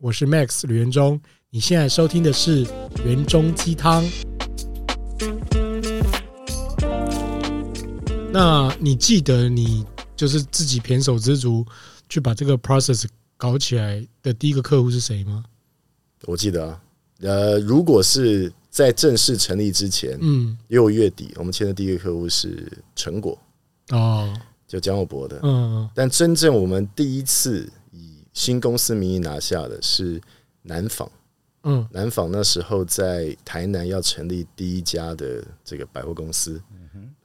我是 Max 呂元鐘，你現在收聽的是《元鐘雞湯》。那你記得你就是自己胼手胝足去把這個 process 搞起來的第一個客戶是誰嗎？我記得啊，呃，如果是在正式成立之前，嗯，六月底我們簽的第一個客戶是橙果哦，就蔣友柏的，嗯，但真正我們第一次。新公司名義拿下的是南紡，嗯，南紡那時候在台南要成立第一家的這個百貨公司，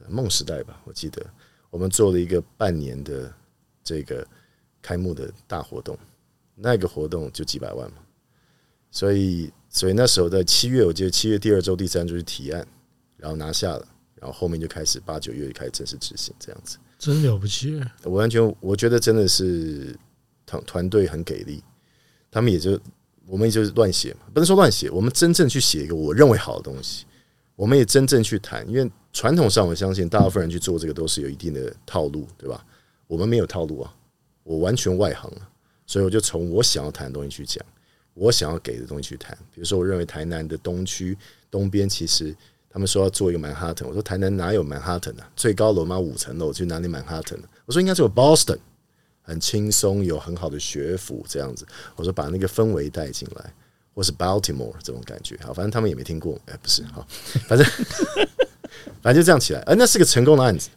夢時代吧，我記得我們做了一個半年的這個開幕的大活動，那個活動就幾百萬嘛，所以所以那時候在七月，我記得七月第二週、第三週是提案，然後拿下了，然後後面就開始八九月就開始正式執行，這樣子。真了不起，我完全我覺得真的是。團隊很給力，他們也就我們也就是亂寫嘛，不能說亂寫，我們真正去寫一個我認為好的東西，我們也真正去談。因為傳統上我相信，大部分人去做這個都是有一定的套路，對吧？我們沒有套路啊，我完全外行啊，所以我就從我想要談的東西去講，我想要給的東西去談。比如說，我認為台南的東區東邊其實他們說要做一個曼哈頓，我說台南哪有曼哈頓啊？最高樓嘛五層樓，去哪裡曼哈頓？我說應該只有 Boston。很輕鬆，有很好的學府這樣子。我說把那個氛圍帶進來，或是 Baltimore 這種感覺。好，反正他們也沒聽過。哎、欸，不是好，反正 反正就這樣起來。哎、啊，那是個成功的案子，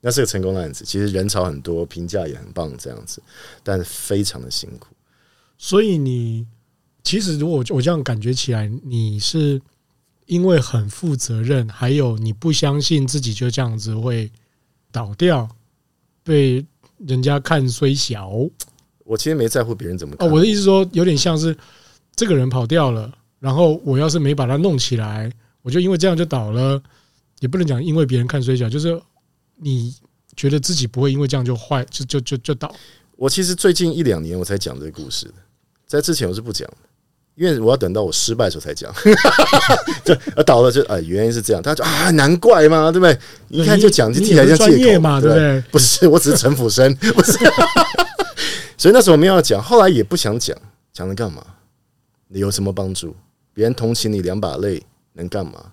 那是個成功的案子。其實人潮很多，評價也很棒，這樣子，但是非常的辛苦。所以你其實，如果我我這樣感覺起來，你是因為很負責任，還有你不相信自己就這樣子會倒掉被。人家看衰小，我其實沒在乎別人怎麼看，哦。我的意思說，有點像是這個人跑掉了，然後我要是沒把他弄起來，我就因為這樣就倒了。也不能講因為別人看衰小，就是你覺得自己不會因為這樣就壞，就就就就倒。我其實最近一兩年我才講這個故事的，在之前我是不講的。因為我要等到我失敗的時候才講， 對，啊，倒了就啊，原因是這樣。他說啊，難怪嘛，對不對？你、嗯、看就講就聽起來像借口嘛，對不對？ 不是，我只是陳福生，不是。所以那時候我沒有講，後來也不想講，講了幹嘛？你有什麼幫助？別人同情你兩把淚能幹嘛？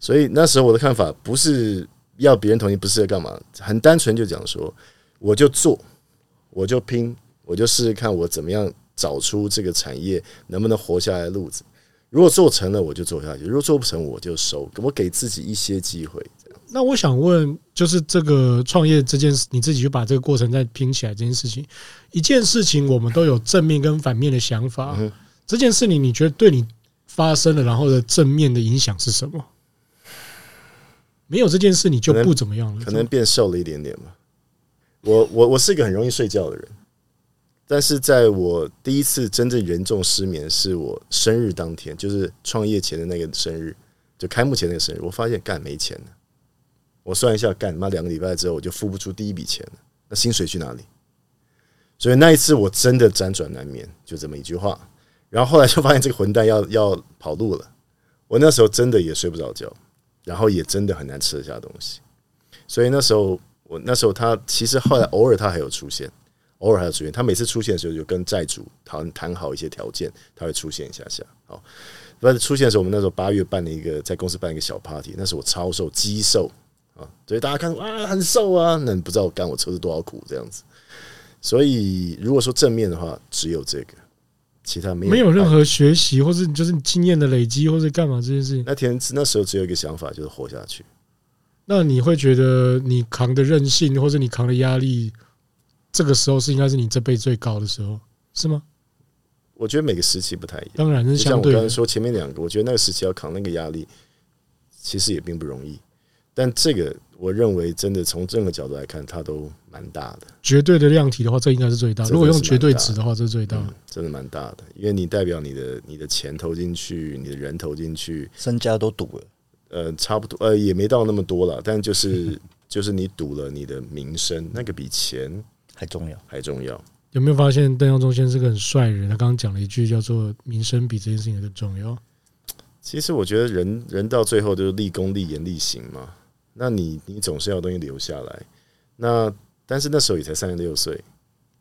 所以那時候我的看法不是要別人同情，不是要幹嘛，很單純就講說，我就做，我就拼，我就試試看我怎麼樣。找出這個產業能不能活下來的路子，如果做成了我就做下去，如果做不成我就收，我給自己一些機會這樣。那我想問，就是這個創業這件事，你自己就把這個過程再拼起來這件事情，一件事情我們都有正面跟反面的想法。這件事情你覺得對你發生了，然後的正面的影響是什麼？沒有這件事你就不怎麼樣了。可，可能變瘦了一點點吧。我，我我我是一個很容易睡覺的人。但是在我第一次真正嚴重失眠，是我生日當天，就是創業前的那個生日，就開幕前那個生日，我發現幹沒錢了。我算一下，幹媽兩個禮拜之後我就付不出第一筆錢了，那薪水去哪裡？所以那一次我真的輾轉難眠，就這麼一句話。然後後來就發現這個混蛋要要跑路了，我那時候真的也睡不着覺，然後也真的很難吃得下東西。所以那時候我那時候他其實後來偶爾他還有出現。偶爾還要出現，他每次出現的時候就跟債主談談好一些條件，他會出現一下下。好，那出現的時候，我們那時候八月辦了一個在公司辦了一個小 party，那時候我超瘦，極瘦啊，所以大家看啊，很瘦啊，那你不知道幹我吃了多少苦這樣子。所以如果說正面的話，只有這個，其他沒有，沒有任何學習或者就是你經驗的累積，或者幹嘛這件事情。那天那時候只有一個想法，就是活下去。那你會覺得你扛的韌性，或者你扛的壓力？這個時候是應該是你這輩子最高的時候，是嗎？我覺得每個時期不太一樣，當然相對，我像我剛才說前面兩個，我覺得那個時期要扛那個壓力，其實也並不容易。但這個我認為真的從這個角度來看，它都蠻大的。絕對的量體的話，這應該是最大的，真的是蠻大。如果用絕對值的話，這最大的、嗯、真的蠻大的，因為你代表你的你的錢投進去，你的人投進去，身家都賭了。呃，差不多呃，也沒到那麼多了，但就是 就是你賭了你的名聲，那個比錢。還重要，還重要。有沒有發現鄧耀中先生是個很帥的人？他剛剛講了一句叫做“名聲比這件事情更重要”。其實我覺得人，人人到最後都是立功、立言、立行嘛。那你，你總是要的東西留下來。那但是那時候也才三十六歲，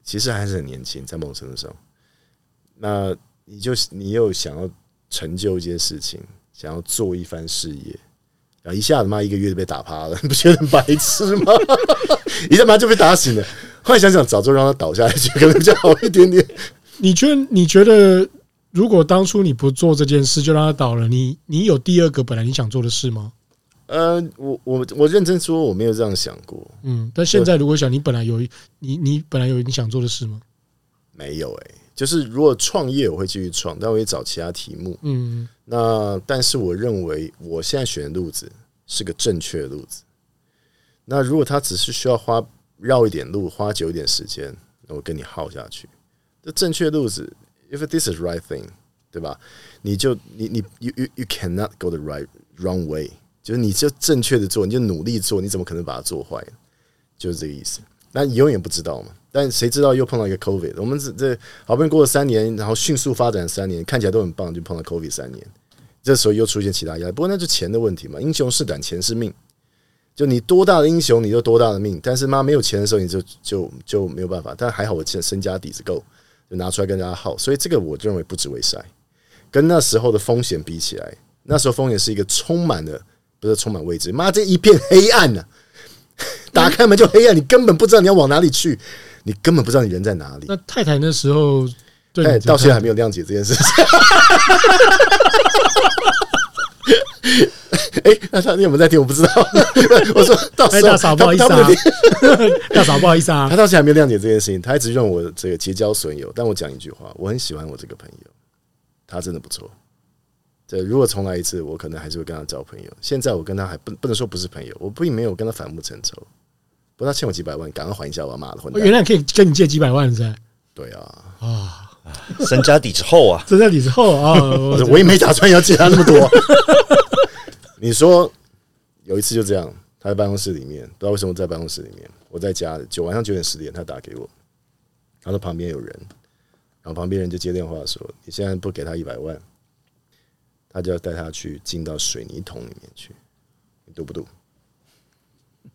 其實還是很年輕，在某種程度上。那你就你又想要成就一件事情，想要做一番事業，然、啊、後一下子媽一個月就被打趴了，你不覺得很白痴嗎？你怎媽就被打醒了。後來想想，早就讓他倒下去可能比較好一點點。你覺得？你覺得如果當初你不做這件事，就讓他倒了，你你有第二個本來你想做的事嗎？呃，我我我認真說，我沒有這樣想過。嗯，但現在如果想，你本來有你你本來有你想做的事嗎？沒有誒、欸。就是如果創業，我會繼續創，但我會找其他題目。嗯，那但是我認為我現在選的路子是個正確的路子。那如果他只是需要花。繞一點路，花久一點時間，我跟你耗下去。這正確路子，if this is right thing，對吧？你就你你 you you cannot go the right wrong way，就是你就正確的做，你就努力做，你怎麼可能把它做壞？就是這個意思。那你永遠不知道嘛。但誰知道又碰到一個 COVID？我們這這好不容易過了三年，然後迅速發展三年，看起來都很棒，就碰到 COVID 三年，這時候又出現其他壓力。不過那就錢的問題嘛，英雄是膽，錢是命。就你多大的英雄，你就多大的命。但是媽沒有錢的時候，你就就就沒有辦法。但還好我錢身家底子夠，就拿出來跟大家耗。所以這個我認為不止為曬，跟那時候的風險比起來，那時候風險是一個充滿的，不是充滿未知，媽這一片黑暗吶、啊，打開門就黑暗，你根本不知道你要往哪裡去，你根本不知道你人在哪裡。那、嗯、太太那時候對，對到現在還沒有諒解這件事情。 哎、欸，那他你有沒有在聽？我不知道。 我說到，大嫂，不好意思啊，到大嫂不好意思啊他。他到現在、啊、 還沒有諒解這件事情，他一直怨我這個結交損友。但我講一句話，我很喜歡我這個朋友，他真的不錯。這如果重來一次，我可能還是會跟他交朋友。現在我跟他還不不能說不是朋友，我並沒有跟他反目成仇。不過他欠我幾百萬，趕快還一下吧，媽的混蛋。我原來可以跟你借幾百萬噻，對啊，啊、哦，身家底子厚啊，身家底子厚啊，哦、我也沒打算要借他那麼多。 你說有一次就這樣，他在辦公室裡面，不知道為什麼在辦公室裡面。我在家九晚上九點十點，他打給我，他說旁邊有人，然後旁邊人就接電話說：“你現在不給他一百萬，他就要帶他去進到水泥桶裡面去，你賭不賭？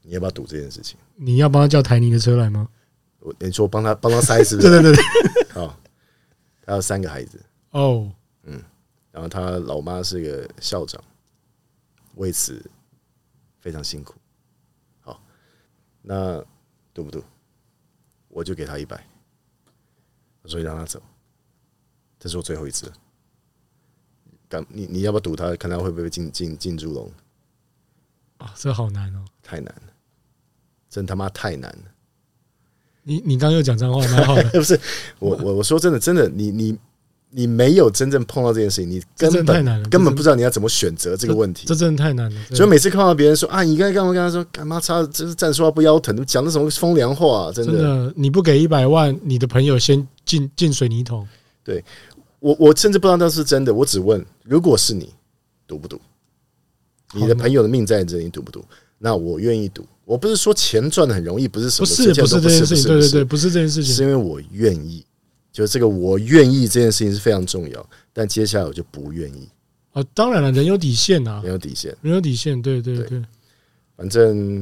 你要不要賭這件事情？你要幫他叫台泥的車來嗎？我你說幫他幫他塞是不是？ 對對對，對，好，他有三個孩子哦，oh. 嗯，然後他老媽是個校長。”為此非常辛苦，好，那賭不賭？我就給他一百，所以讓他走。這是我最後一次。敢你你要不要賭他？看他會不會進進進豬籠？啊，這好難哦，太難了，真他媽太難了。你你剛又講髒話，蠻好的。 不是我我我說真的真的，你你。你沒有真正碰到這件事情，你根本根本不知道你要怎麼選擇這個問題這，這真的太難了。所以每次看到別人說啊，你該幹嘛？跟他說幹嘛？操，是站着說話不腰疼，講的什麼風涼話啊，真的，真的，你不給一百萬，你的朋友先進進水泥桶。對，我，我甚至不知道那是真的。我只問，如果是你賭不賭？你的朋友的命在你這裡，你賭不賭？那我願意賭。我不是說錢賺的很容易，不是什麼不是不是這件事情，是是對，對對對，不是這件事情，是因為我願意。就是這個，我願意這件事情是非常重要，但接下來我就不願意啊、哦！當然了，人有底線吶、啊，人有底線，人有底線，對對對。對反正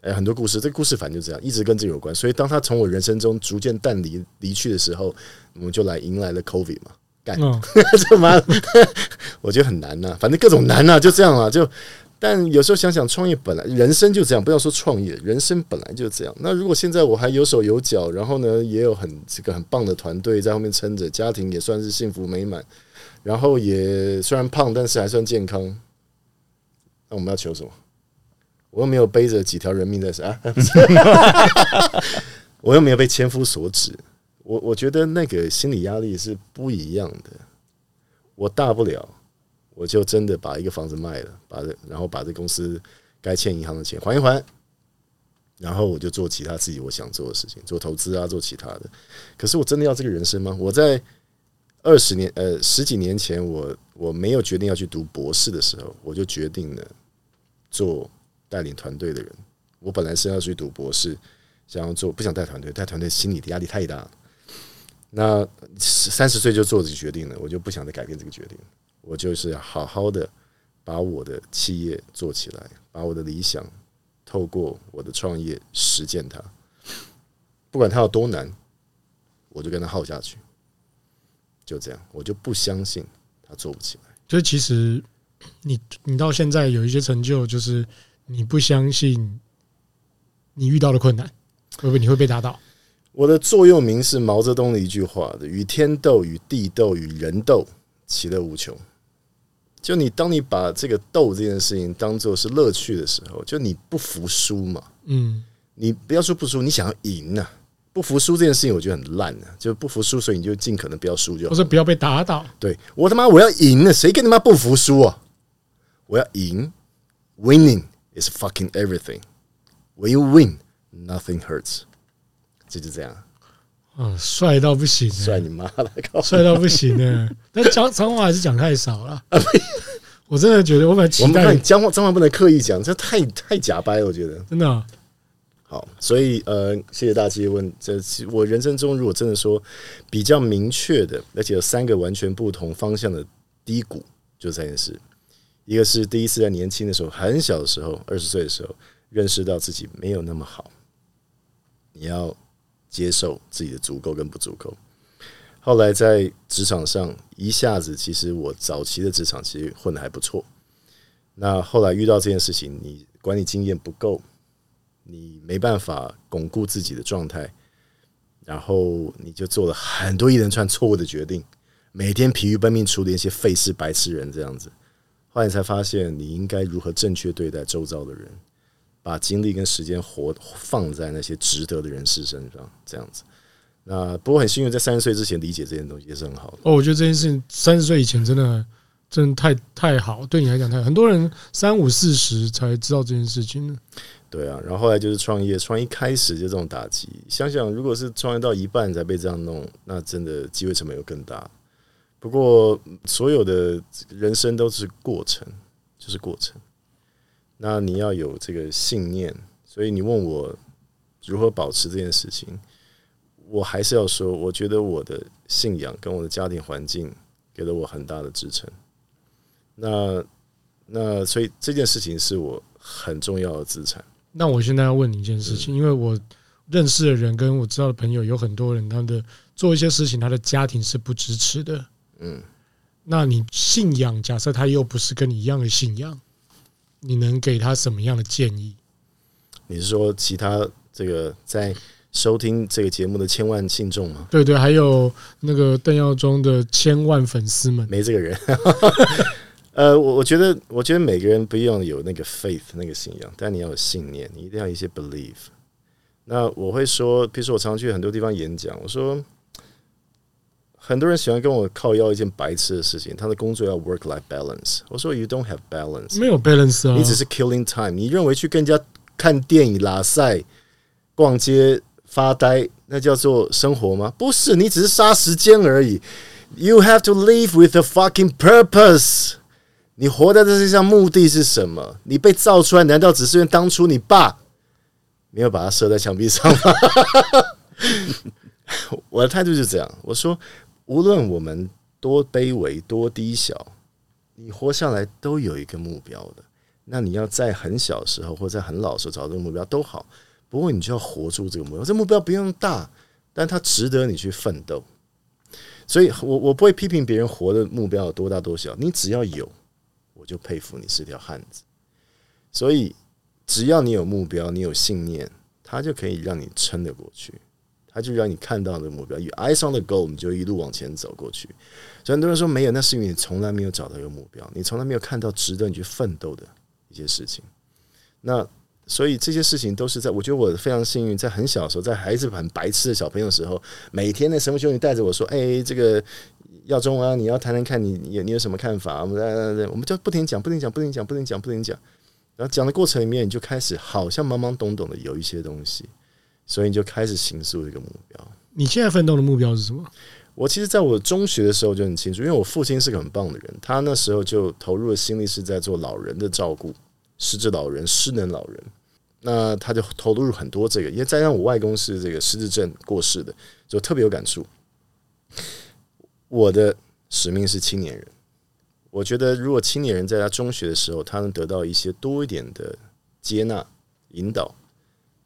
哎、欸，很多故事，這個、故事反正就這樣，一直跟這個有關。所以，當他從我人生中逐漸淡離離去的時候，我們就來迎來了 COVID 嘛，幹！嘛、哦、 我覺得很難吶、啊，反正各種難吶、啊，就這樣啊，就。但有時候想想，創業本來人生就這樣，不要說創業，人生本來就這樣。那如果現在我還有手有腳，然後呢也有很這個很棒的團隊在後面撐着，家庭也算是幸福美滿，然後也雖然胖，但是還算健康。那我們要求什麼？我又沒有背着幾條人命在身，啊、 我又沒有被千夫所指。我我覺得那個心理壓力是不一樣的。我大不了。我就真的把一個房子賣了，把這然後把這公司該欠銀行的錢還一還，然後我就做其他自己我想做的事情，做投資啊，做其他的。可是我真的要這個人生嗎？我在二十年呃十幾年前我，我我沒有決定要去讀博士的時候，我就決定了做帶領團隊的人。我本來是要去讀博士，想要做，不想帶團隊，帶團隊心理的壓力太大。那三十歲就做這個決定了，我就不想再改變這個決定。我就是要好好的把我的企業做起來，把我的理想透過我的創業實踐它，不管它有多難，我就跟他耗下去，就這樣，我就不相信他做不起來。所以，其實你你到現在有一些成就，就是你不相信你遇到的困難會不會你會被打倒。我的座右銘是毛澤東的一句話：與天鬥，與地鬥，與人鬥，其樂無窮。就你，當你把這個鬥這件事情當做是樂趣的時候，就你不服輸嘛。嗯，你不要說不服，你想要贏啊。不服輸這件事情我覺得很爛啊。就不服輸，所以你就盡可能不要輸，就我說不要被打倒。對我他媽我要贏的、啊，誰跟你媽不服輸啊？我要贏，Winning is fucking everything. When you win, nothing hurts。就是這樣。啊，帥到不行！帥你媽了，帥到不行呢。行 但是講髒話還是講太少了啊。 我真的覺得，我蠻期待。我們講髒話，髒話不能刻意講，這太太假掰了，我覺得真的、啊。好，所以呃，謝謝大家問。這我人生中如果真的說比較明確的，而且有三個完全不同方向的低谷，就三件事。一個是第一次在年輕的時候，很小的時候，二十歲的時候，認識到自己沒有那麼好，你要接受自己的足夠跟不足夠。後來在職場上一下子，其實我早期的職場其實混得還不錯。那後來遇到這件事情，你管理經驗不夠，你沒辦法鞏固自己的狀態，然後你就做了很多一連串錯誤的決定，每天疲於奔命處理一些廢事白痴人這樣子。後來你才發現，你應該如何正確對待周遭的人，把精力跟時間活放在那些值得的人事身上，這樣子。那不過很幸運，在三十歲之前理解這件東西也是很好的。哦，我覺得這件事情三十歲以前真的真的太太好，對你來講太。很多人三五四十才知道這件事情呢。對啊，然後後來就是創業，創業一開始就這種打擊。想想如果是創業到一半才被這樣弄，那真的機會成本又更大。不過，所有的人生都是過程，就是過程。那你要有這個信念，所以你問我如何保持這件事情？我還是要說，我覺得我的信仰跟我的家庭環境給了我很大的支撐。那那所以這件事情是我很重要的資產。那我現在要問你一件事情，嗯，因為我認識的人跟我知道的朋友有很多人，他的做一些事情，他的家庭是不支持的。嗯，那你信仰假設他又不是跟你一樣的信仰，你能給他什麼樣的建議？你是說其他這個在收聽這個節目的千萬信眾嗎？對對，還有那個鄧耀中的千萬粉絲們，沒這個人。 呃，我我覺得，我覺得每個人不用有那個 faith 那個信仰，但你要有信念，你一定要一些 believe。那我會說，比如說我常常去很多地方演講，我說很多人喜歡跟我靠腰一件白痴的事情，他的工作要 work life balance。我說 you don't have balance，沒有 balance 啊、哦，你只是 killing time。你認為去更加看電影、拉賽、逛街，發呆，那叫做生活嗎？不是，你只是殺時間而已。You have to live with the fucking purpose。你活在這世上目的是什麼？你被造出來難道只是因為當初你爸沒有把它射在牆壁上嗎？ 我的態度就是這樣，我說，無論我們多卑微、多低小，你活下來都有一個目標的。那你要在很小時候，或在很老的時候找到這個目標都好。不過你就要活出這個目標，這個目標不用大，但它值得你去奮鬥。所以我我不會批評別人活的目標有多大多小，你只要有，我就佩服你是條漢子。所以只要你有目標，你有信念，它就可以讓你撐得過去，它就讓你看到的目標，有 eyes on the goal，你就一路往前走過去。所以很多人說沒有，那是因為你從來沒有找到一個目標，你從來沒有看到值得你去奮鬥的一些事情。那。所以這些事情都是在，我覺得我非常幸運，在很小的時候，在孩子很白痴的小朋友的時候，每天的神父兄弟帶着我說：“哎、欸，這個耀中啊，你要談談看，你你，你有什麼看法？”我們我們就不停講，不停講，不停講，不停講，不停講。然後講的過程裡面，你就開始好像懵懵懂懂的有一些東西，所以你就開始形塑這個目標。你現在奮鬥的目標是什麼？我其實在我中學的時候就很清楚，因為我父親是個很棒的人，他那時候就投入的心力是在做老人的照顧，失智老人、失能老人。那他就投入很多這個，因為再加上我外公是這個失智症過世的，就特別有感觸。我的使命是青年人，我覺得如果青年人在他中學的時候，他能得到一些多一點的接納引導，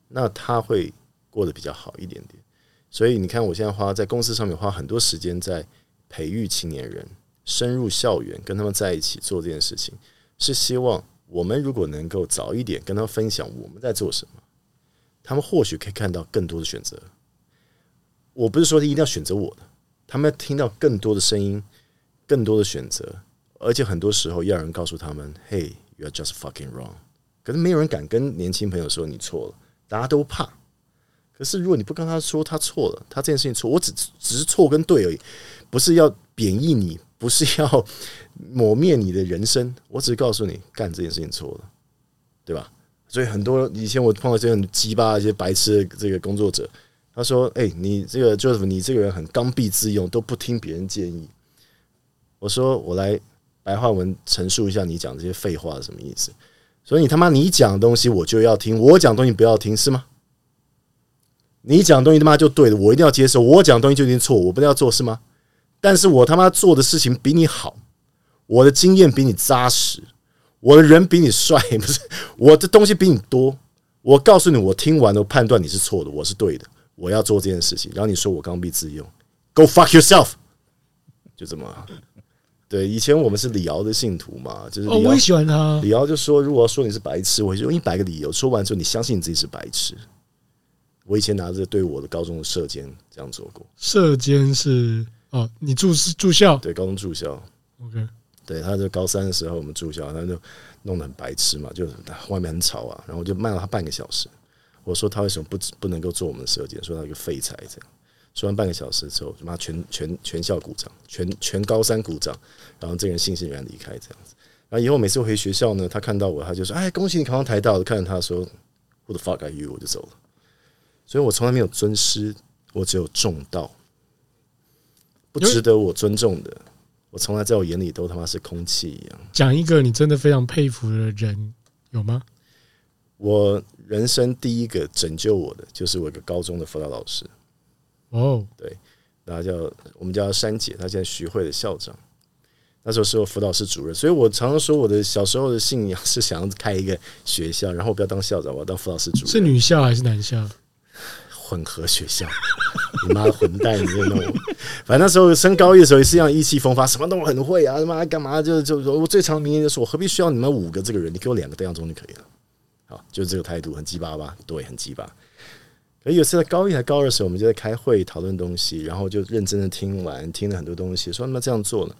那他會過得比較好一點點。所以你看，我現在花在公司上面花很多時間在培育青年人，深入校園跟他們在一起做這件事情，是希望。我們如果能夠早一點跟他分享我們在做什麼，他們或許可以看到更多的選擇。我不是說一定要選擇我的，他們要聽到更多的聲音，更多的選擇，而且很多時候要有人告訴他們：“Hey, you are just fucking wrong。”可是沒有人敢跟年輕朋友說你錯了，大家都怕。可是如果你不跟他說他錯了，他這件事情錯，我只只是錯跟對而已，不是要貶義你。不是要抹滅你的人生，我只告訴你幹這件事情錯了，對吧？所以很多以前我碰到這樣雞巴一些白痴的這個工作者，他說：“哎，你這個就是你這個人很剛愎自用，都不聽別人建議。”我說：“我來白話文陳述一下，你講這些廢話是什麼意思？所以你他媽你講東西我就要聽，我講東西不要聽是嗎？你講東西他媽就對了，我一定要接受；我講東西就一定錯，我不能要做是嗎？”但是我他媽做的事情比你好，我的經驗比你扎實，我的人比你帥，不是我的東西比你多。我告訴你，我聽完了，我判斷你是錯的，我是對的，我要做這件事情。然後你說我剛愎自用，Go fuck yourself，就這麼、啊。對，以前我們是李敖的信徒嘛，就是我也喜歡他。李敖就說，如果要說你是白痴，我就用一百個理由。說完之後，你相信你自己是白痴。我以前拿着對我的高中的射箭這樣做過，射箭是。哦，你住是住校？對，高中住校。OK，對，他在高三的時候我們住校，他就弄得很白痴嘛，就外面很吵啊。然後我就罵了他半個小時，我說他為什麼不不能夠做我們的社長，說他有一個廢材這樣。說完半個小時之後，他媽全全全校鼓掌，全全高三鼓掌。然後這個人悻悻然離開這樣子。然後以後每次回學校呢，他看到我，他就說：“哎，恭喜你考上台大。”看到他說：“我的 fuck you”，我就走了。所以我從來沒有尊師，我只有重道。不值得我尊重的，我從來在我眼裡都他媽是空氣一樣。講一個你真的非常佩服的人，有嗎？我人生第一個拯救我的，就是我一個高中的輔導老師。哦，對，大家叫我們叫珊姐，她現在徐匯的校長。那時候是我輔導室主任，所以我常常說，我的小時候的信仰是想要開一個學校，然後不要當校長，我要當輔導室主任。是女校還是男校？混合學校，你媽混蛋！裡面那種，反正那時候升高一的時候，也是一樣意氣風發，什麼都很會啊，他媽幹嘛就？就就說我最常的名言就是：我何必需要你們五個這個人？你給我兩個鄧耀中就可以了。好，就是這個態度，很雞巴吧？對，很雞巴。可有次在高一還高二的時候，我們就在開會討論東西，然後就認真的聽完，聽了很多東西，說那麼這樣做了。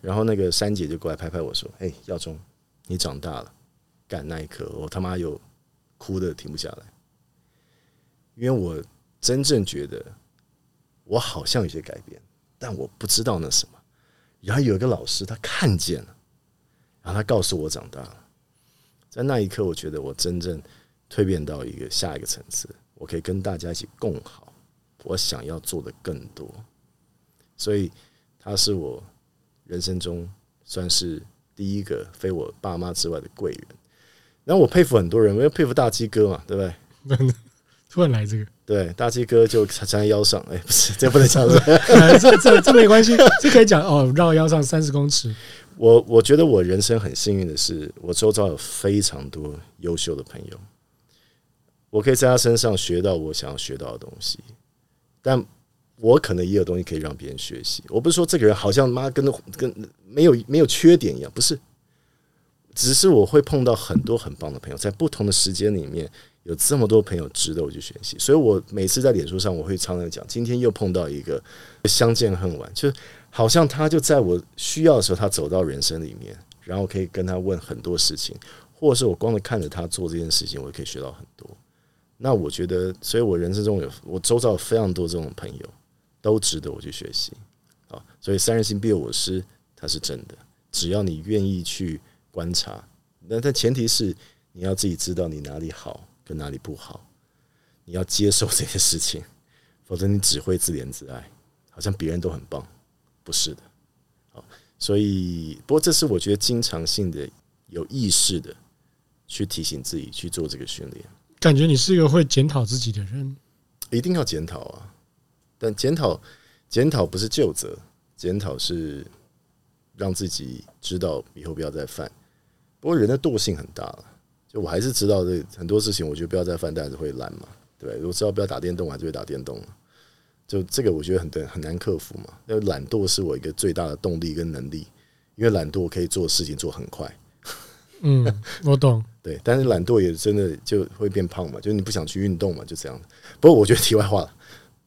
然後那個三姐就過來拍拍我說：“誒、欸，耀中，你長大了。”幹那一刻，我他媽又哭的停不下來，因為我。真正覺得我好像有些改變，但我不知道那什麼。然後有一個老師，他看見了，然後他告訴我，長大了。在那一刻，我覺得我真正蛻變到一個下一個層次，我可以跟大家一起共好，我想要做的更多。所以他是我人生中算是第一個非我爸媽之外的貴人。然後我佩服很多人，因為佩服大雞哥嘛，對不對？ 突然來這個。對，大雞哥就纏在腰上。哎、欸，不是，這不能講。 這這這沒關係，這 可以講。哦，繞腰上三十公尺我。我我覺得我人生很幸運的是，我周遭有非常多優秀的朋友，我可以在他身上學到我想要學到的東西。但我可能也有東西可以讓別人學習。我不是說這個人好像媽跟跟沒有沒有缺點一樣，不是。只是我會碰到很多很棒的朋友，在不同的時間裡面。有這麼多朋友值得我去學習，所以我每次在臉書上，我會常常講，今天又碰到一個相見恨晚，就好像他就在我需要的時候，他走到人生裡面，然後可以跟他問很多事情，或者是我光着看着他做這件事情，我也可以學到很多。那我覺得，所以我人生中有我周遭有非常多這種朋友，都值得我去學習啊。所以三人行必有我師，他是真的。只要你願意去觀察，那但前提是你要自己知道你哪裡好。跟哪裡不好，你要接受這些事情，否則你只會自憐自艾，好像別人都很棒，不是的。好，所以不過這是我覺得經常性的、有意識的去提醒自己去做這個訓練。感覺你是一個會檢討自己的人，一定要檢討啊！但檢討、檢討不是究責，檢討是讓自己知道以後不要再犯。不過人的惰性很大我還是知道這很多事情，我覺得不要再犯，但是會懶嘛，對，如果知道不要打電動，我還是會打電動。就這個，我覺得很難很難克服嘛。因為懶惰是我一個最大的動力跟能力，因為懶惰我可以做事情做很快。嗯，我懂。 對，但是懶惰也真的就會變胖嘛，就是你不想去運動嘛，就這樣。不過我覺得題外話了，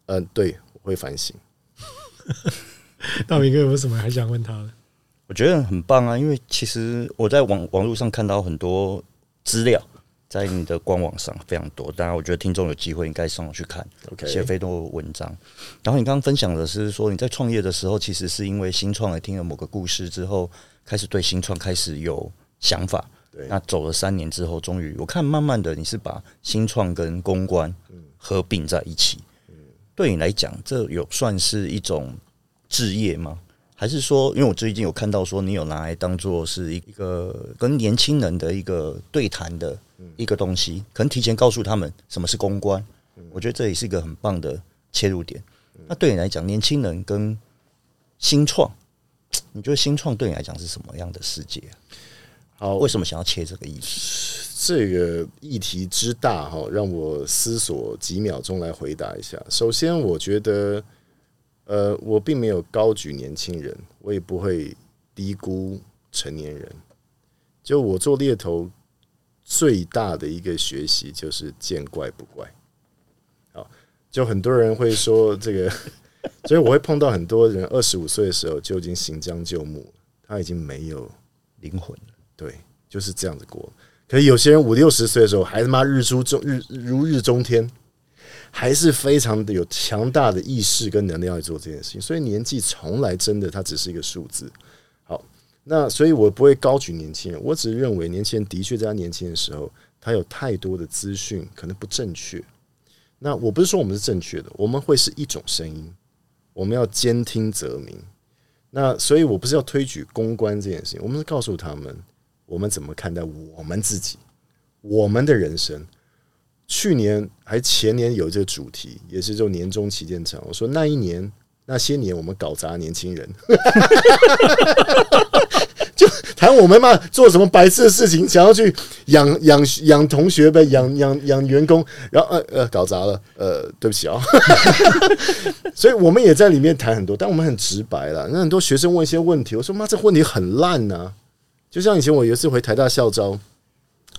嗯、呃，對我會反省。大 明哥有什麼還想問他呢？我覺得很棒啊，因為其實我在網網路上看到很多。資料在你的官網上非常多，當然我覺得聽眾有機會應該上網去看，寫、okay. 非常多文章。然後你剛剛分享的是說你在創業的時候，其實是因為新創而聽了某個故事之後，開始對新創開始有想法。對，那走了三年之後，終於我看慢慢的你是把新創跟公關合併在一起。對你來講，這有算是一種志業嗎？還是說，因為我最近有看到說，你有拿來當做是一個跟年輕人的一個對談的一個東西，嗯、可能提前告訴他們什麼是公關。嗯、我覺得這也是一個很棒的切入點。嗯、那對你來講，年輕人跟新創，你覺得新創對你來講是什麼樣的世界、啊？好，為什麼想要切這個議題？這個議題之大哈，讓我思索幾秒鐘來回答一下。首先，我覺得。呃，我並沒有高舉年輕人，我也不會低估成年人。就我做獵頭最大的一個學習，就是見怪不怪。好，就很多人會說這個， 所以我會碰到很多人，二十五歲的時候就已經行將就木，他已經沒有靈魂了。對，就是這樣子過。可是有些人五六十歲的時候，還他媽日出中日如日中天。還是非常的有強大的意識跟能量去做這件事情，所以年紀從來真的它只是一個數字。好，那所以我不會高舉年輕人，我只是認為年輕人的確在他年輕的時候，他有太多的資訊可能不正確。那我不是說我們是正確的，我們會是一種聲音，我們要兼聽則明。那所以我不是要推舉公關這件事情，我們是告訴他們，我們怎麼看待我們自己，我們的人生。去年還前年有這個主題，也是就年終旗艦場。我說那一年那些年我們搞砸年輕人， 就談我們嘛，做什麼白痴的事情，想要去養養養同學唄，養養養員工，然後呃呃搞砸了，呃對不起啊、哦。 所以，我們也在裡面談很多，但我們很直白啦。那很多學生問一些問題，我說媽，這問題很爛吶、啊！就像以前我有一次回台大校招。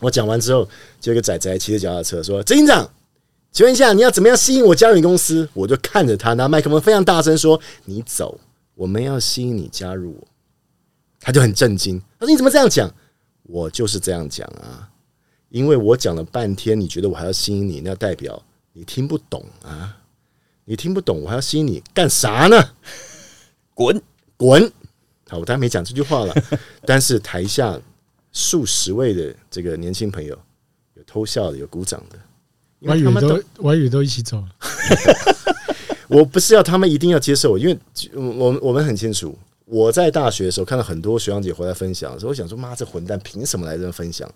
我講完之後，就有個仔仔騎着腳踏車說：“執行長，請問一下，你要怎麼樣吸引我加入你公司？”我就看着他拿麥克風，非常大聲說：“你走，我們要吸引你加入我。”他就很震驚，他說：“你怎麼這樣講？”我就是這樣講啊，因為我講了半天，你覺得我還要吸引你，那代表你聽不懂啊！你聽不懂，我還要吸引你幹啥呢？滾滾！好，我當然沒講這句話了，但是台下，數十位的這個年輕朋友，有偷笑的，有鼓掌的，因為他們我以為，我以為都我以為都一起走了 。 我不是要他們一定要接受我，因為我我們很清楚，我在大學的時候看到很多學長姐回來分享，所以我想說，媽，這混蛋憑什麼來這分享？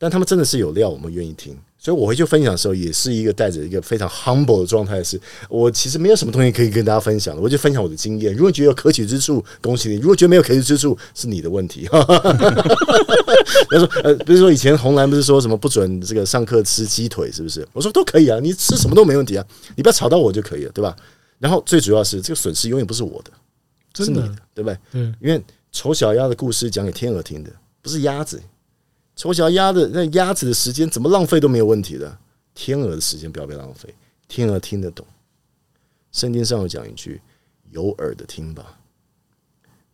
但他們真的是有料，我們願意聽，所以我回去分享的時候，也是一個帶着一個非常 humble 的狀態。是我其實沒有什麼東西可以跟大家分享的，我就分享我的經驗。如果你覺得有可取之處，恭喜你；如果你覺得沒有可取之處，是你的問題。比如說，呃，比如說以前洪蘭不是說什麼不准這個上課吃雞腿，是不是？我說都可以啊，你吃什麼都沒問題啊，你不要吵到我就可以了，對吧？然後最主要是這個損失永遠不是我的，是你的，啊、對不對？嗯。因為醜小鴨的故事講給天鵝聽的，不是鴨子。醜小鴨的那鴨子的時間怎麼浪費都沒有問題的，天鵝的時間不要被浪費。天鵝聽得懂，聖經上有講一句：“有耳的聽吧。”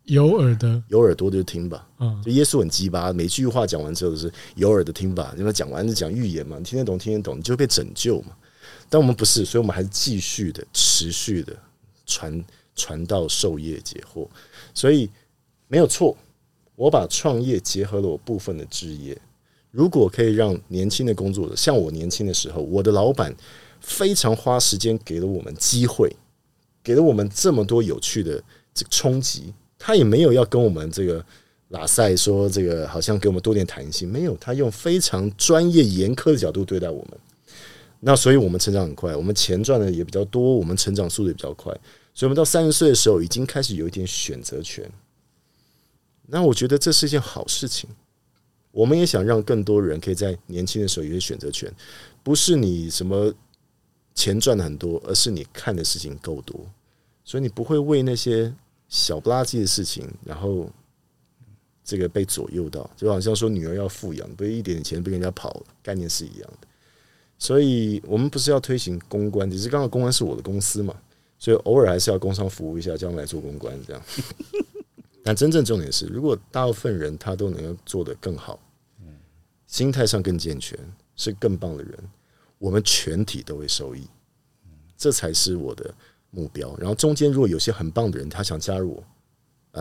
有耳的，有耳朵就聽吧。嗯，就耶穌很雞巴，每句話講完之後都是“有耳的聽吧”。因為講完就講預言嘛，你聽得懂，聽得懂，你就會被拯救嘛。但我們不是，所以我們還是繼續的、持續的傳傳道、到授業、解惑。所以沒有錯。我把創業結合了我部分的職業。如果可以讓年輕的工作者像我年輕的時候，我的老闆非常花時間給了我們機會，給了我們這麼多有趣的這個衝擊。他也沒有要跟我們這個拉賽說這個好像給我們多點彈性，沒有。他用非常專業嚴苛的角度對待我們。那所以我們成長很快，我們錢賺的也比較多，我們成長速度也比較快。所以我們到三十歲的時候，已經開始有一點選擇權。那我覺得這是一件好事情，我們也想讓更多人可以在年輕的時候有選擇權，不是你什麼錢賺的很多，而是你看的事情夠多，所以你不會為那些小不拉幾的事情，然後這個被左右到，就好像說女兒要富養，不是一點點錢被人家跑，概念是一樣的。所以我們不是要推行公關，只是剛好公關是我的公司嘛，所以偶爾還是要工商服務一下，將來做公關這樣。 那真正重點是，如果大部分人他都能夠做得更好，嗯，心態上更健全，是更棒的人，我們全體都會受益，嗯，這才是我的目標。然後中間如果有些很棒的人，他想加入我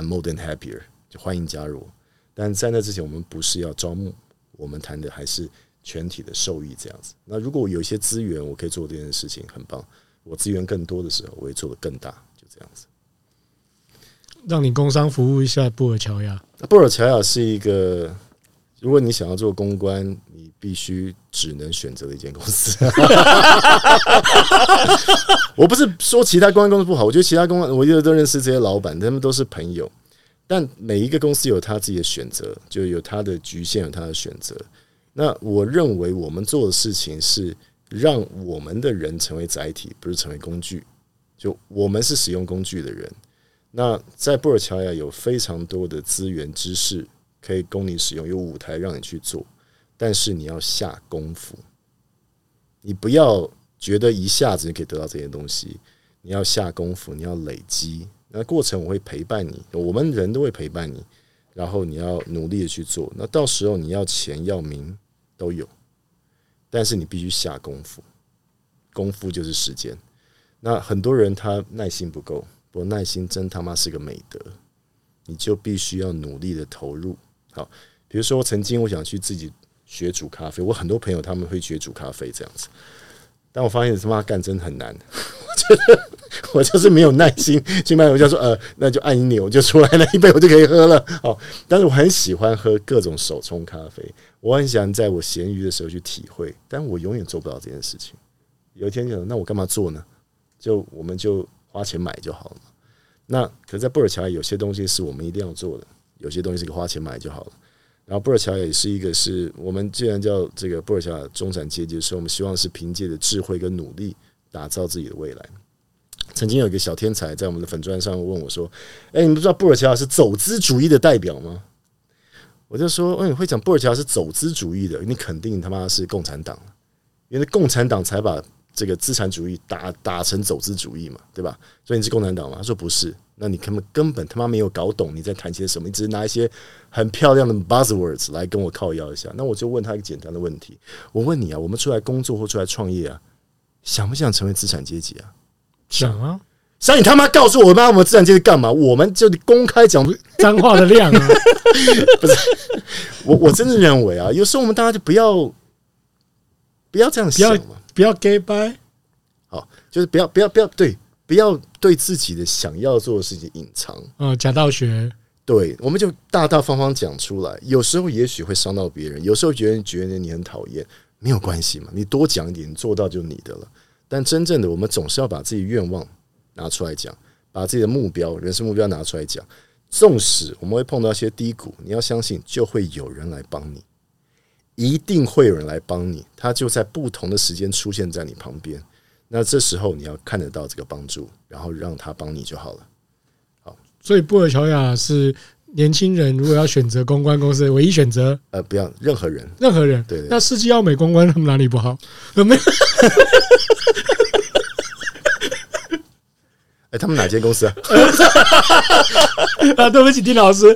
，I'm more than happier，就歡迎加入我。但在那之前，我們不是要招募，我們談的還是全體的受益這樣子。那如果我有一些資源，我可以做這件事情，很棒。我資源更多的時候，我會做得更大，就這樣子。讓你工商服務一下布爾喬亞。布爾喬亞是一個，如果你想要做公關，你必須只能選擇的一間公司 我不是說其他公關公司不好，我覺得其他公關，我覺得都認識這些老板，他們都是朋友。但每一個公司有他自己的選擇，就有他的局限，有他的選擇。那我認為我們做的事情是，讓我們的人成為載體，不是成為工具。就我們是使用工具的人。那在布爾喬亞有非常多的資源、知識可以供你使用，有舞台讓你去做，但是你要下功夫。你不要覺得一下子你可以得到這些東西，你要下功夫，你要累積。那過程我會陪伴你，我們人都會陪伴你，然後你要努力的去做。那到時候你要錢、要名都有，但是你必須下功夫。功夫就是時間。那很多人他耐心不夠。我耐心真他媽是個美德，你就必須要努力的投入。好，比如說曾經我想去自己學煮咖啡，我很多朋友他們會學煮咖啡這樣子，但我發現他媽幹真的很難。我，我就是沒有耐心去去買我就說呃，那就按一鈕就出來那一杯我就可以喝了。好，但是我很喜歡喝各種手沖咖啡，我很喜歡在我閒餘的時候去體會，但我永遠做不到這件事情。有一天想那我幹嘛做呢？就我們就。花錢買就好了。那可是在布爾喬亞，有些東西是我們一定要做的，有些東西是個花錢買就好了。然後布爾喬亞也是一個是我們既然叫這個布爾喬亞中產階級，說我們希望是憑借着智慧跟努力打造自己的未來。曾經有一個小天才在我們的粉專上問我說：“哎，你不知道布爾喬亞是走資主義的代表嗎？”我就說：“嗯，你會講布爾喬亞是走資主義的，你肯定他媽是共產黨，因為共產黨才把。”這個資產主義打打成走資主義嘛，對吧？所以你是共產黨嘛？他說不是，那你根本根本他媽沒有搞懂你在談些什麼，你只是拿一些很漂亮的 buzzwords 來跟我靠腰一下。那我就問他一個簡單的問題：我問你啊，我們出來工作或出來創業啊，想不想成為資產階級啊？想啊！想你他媽告訴我，他媽我們資產階級幹嘛？我們就公開講髒話的量啊！ 不是我，我真的認為啊，有時候我們大家就不要不要這樣想嘛。不要假掰，好,就是不要不要不要對不要對自己的想要做的事情隱藏。啊、嗯,講道學,對，我們就大大方方講出來。有時候也許會傷到別人，有時候覺得覺得你很討厭，沒有關係嘛。你多講一點，做到就你的了。但真正的我們總是要把自己願望拿出來講，把自己的目標、人生目標拿出來講。縱使我們會碰到一些低谷，你要相信，就會有人來幫你。一定會有人來幫你，他就在不同的時間出現在你旁邊。那這時候你要看得到這個幫助，然後讓他幫你就好了。好，所以布爾喬亞是年輕人如果要選擇公關公司，唯一選擇。呃，不要任何人，任何人。對，對，對，那世紀奧美公關他們哪裡不好？沒。哎，他們哪間公司啊、呃？啊，對不起，丁老師，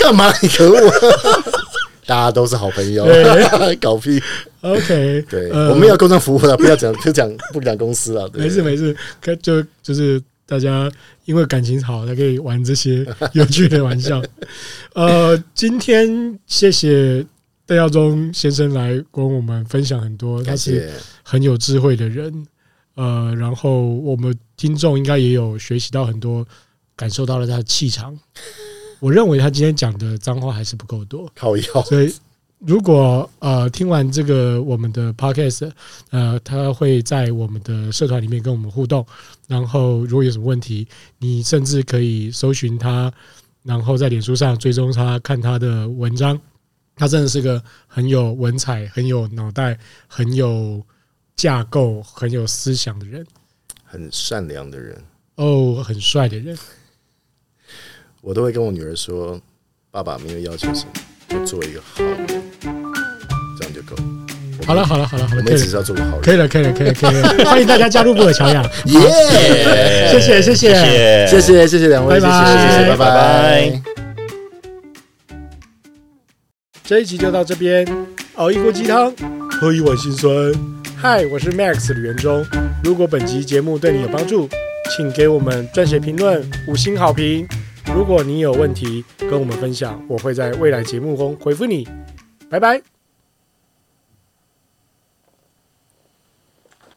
幹嘛，你可惡？大家都是好朋友對。 搞屁？OK，對，呃、我們要公眾服務了，不要講， 不講不講公司了。沒事沒事，就就是大家因為感情好，才可以玩這些有趣的玩笑。 呃，今天謝謝鄧耀中先生來跟我們分享很多，他是很有智慧的人。呃，然後我們聽眾應該也有學習到很多，感受到了他的氣場。我認為他今天講的髒話還是不夠多，好要。所以如果呃聽完這個我們的 podcast 呃，他會在我們的社團裡面跟我們互動。然後如果有什麼問題，你甚至可以搜尋他，然後在臉書上追蹤他，看他的文章。他真的是個很有文采、很有腦袋、很有架構、很有思想的人，很善良的人，哦、oh，很帥的人。我都會跟我女兒說：“爸爸沒有要求什麼，就做一個好人。這樣就夠好了，好了，好了，好了，我們只知道做個好人。可以了，可以了，可以了，可以了。歡迎大家加入布爾喬亞，耶 Yeah！ 謝謝，謝謝，謝謝，謝謝兩位，拜拜，拜拜拜拜。這一集就到這邊，熬一鍋雞湯，喝一碗心酸。嗨，我是 Max 呂元鐘。如果本集節目對你有幫助，請給我們撰寫評論，五星好評。如果你有問題跟我們分享，我會在未來節目中回復你。拜拜。